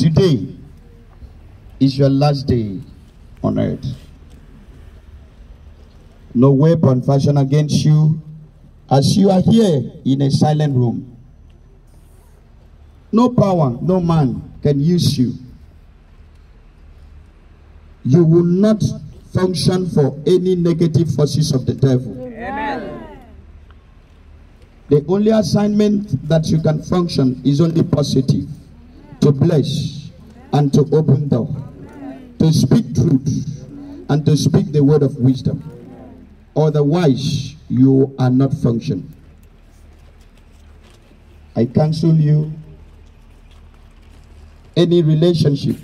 Today is your last day on earth. No weapon fashioned against you as you are here in a silent room. No power, no man can use you. You will not function for any negative forces of the devil. Amen. The only assignment that you can function is only positive to bless and to open door, to speak truth and to speak the word of wisdom. Otherwise, you are not functioning. I counsel you any relationship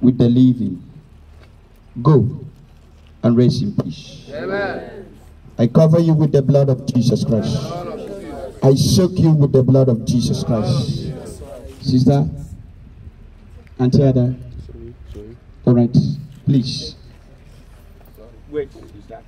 with the living. Go and rest in peace. Amen. I cover you with the blood of Jesus Christ. I soak you with the blood of Jesus Christ. Sister, Auntie Ada. Sorry, sorry. All right, please. Wait, is that?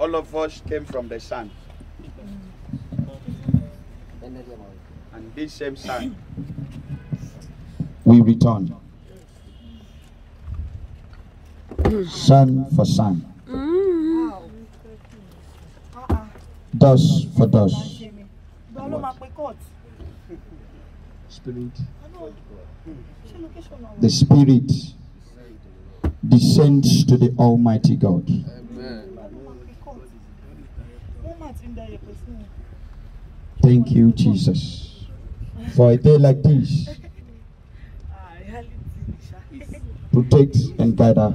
All of us came from the sun. And this same sun. We return. Son for son. Dust for dust. Spirit. The Spirit descends to the Almighty God. Thank you, Jesus. For a day like this, protect and guide us.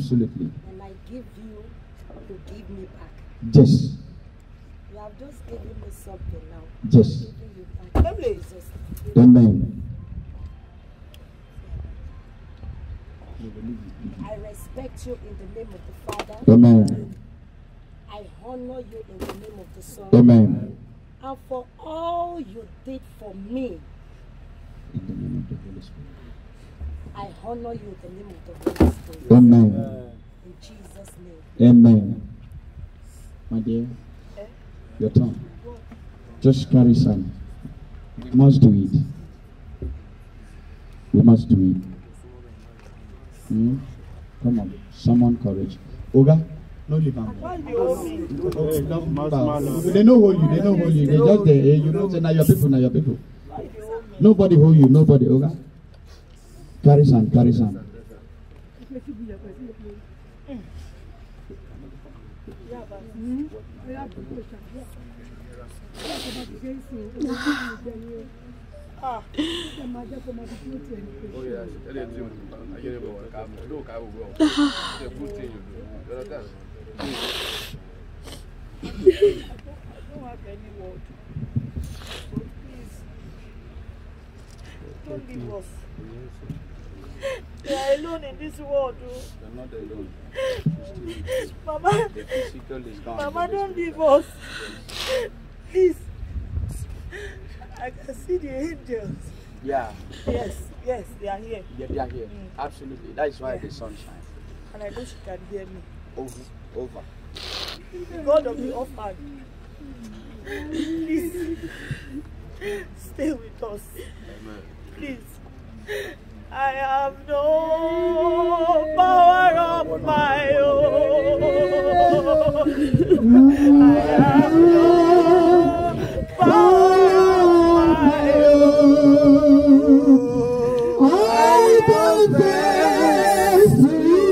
Absolutely. And I give you, to give me back. Yes. You have just given me something now. Yes. Amen. I respect you in the name of the Father. Amen. I honor you in the name of the Son. Amen. And for all you did for me. In the name of the Holy Spirit. I honor you in the name of the Holy Spirit. Amen. In Jesus' name. Amen. My dear, eh? your turn. Just carry some. We must do it. We must do it. Hmm? Come on, someone courage. Oga, no leave them. They no hold you, they no hold you. They just there. you know now your people, now your people. Nobody hold you, nobody, Oga. Okay? Carry sand, carry sand. Ah. Don't leave us. are alone in this world. Oh. You're not alone. Mama, the gone. Mama, don't leave us. Please. I can see the angels. Yeah. Yes, yes, they are here. Yeah, they are here. Mm. Absolutely. That is why yeah. the sun shines. And I know she can hear me. Over. Over. The God of the orphan. Please. Stay with us. Amen please. I have no power of my own. I have no power of my own. I don't you,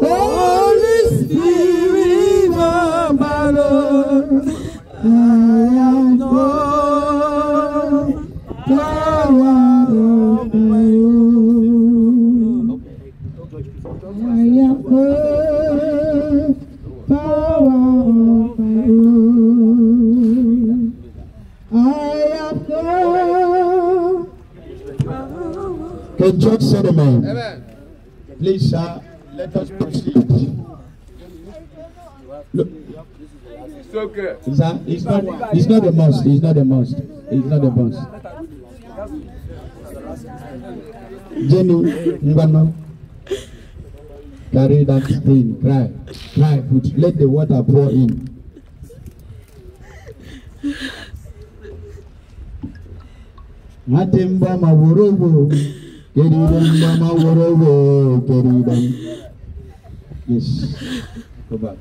Holy Spirit of my Lord. the judge ceremony. Amen. Please, sir, let us proceed. Look. It's okay. It's not, it's not, it's not the most. It's not the most. It's not the most. Jenny, you Mbano, carry that thing. Cry, cry. Put, let the water pour in. Matemba mawororo. Yes. Go back.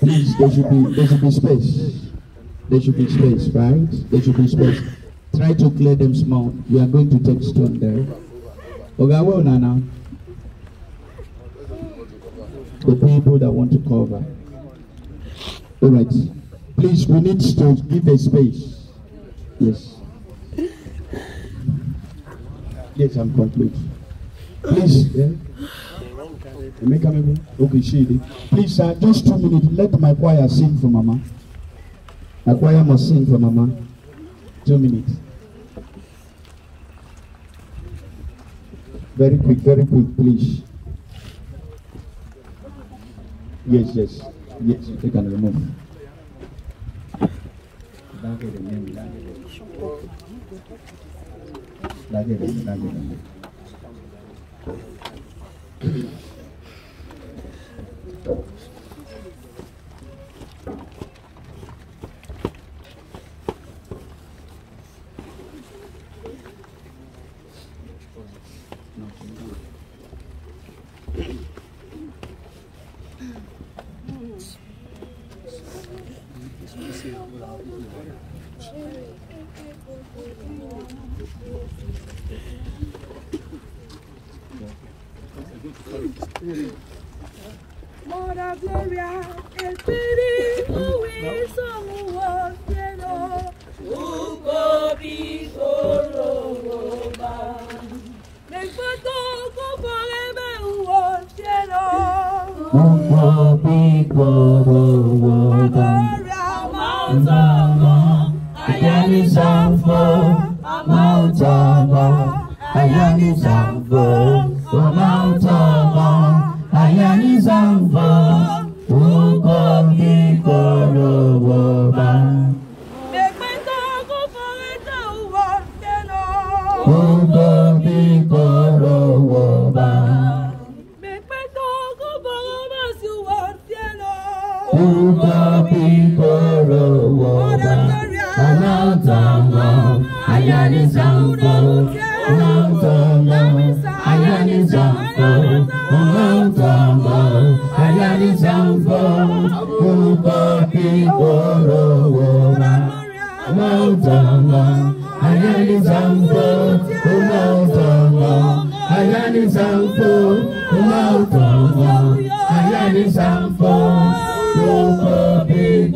Please, there should be there should be space. There should be space, right? There should be space. Try to clear them small. We are going to take stone there. Okay, well now. The people that want to cover. All right. Please, we need to give a space. Yes. Yes, I'm complete. Please, yeah. Okay, Shady. Please, sir, just two minutes. Let my choir sing for Mama. My choir must sing for Mama. Two minutes. Very quick, very quick, please. Yes, yes. Yes, you can remove. Thank you. đã về được đã về được Mother Gloria, and Pity, who is someone, you know, who go before Roma. Make but go forever, who was, you know, who go before Roma. Mount of God, I am his Mount of God, I am Uba biboro woba Alatama ayani zambo Alatama ayani zambo Alatama ayani zambo Uba biboro woba Alatama ayani zambo Alatama ayani zambo Alatama ayani zambo Bye.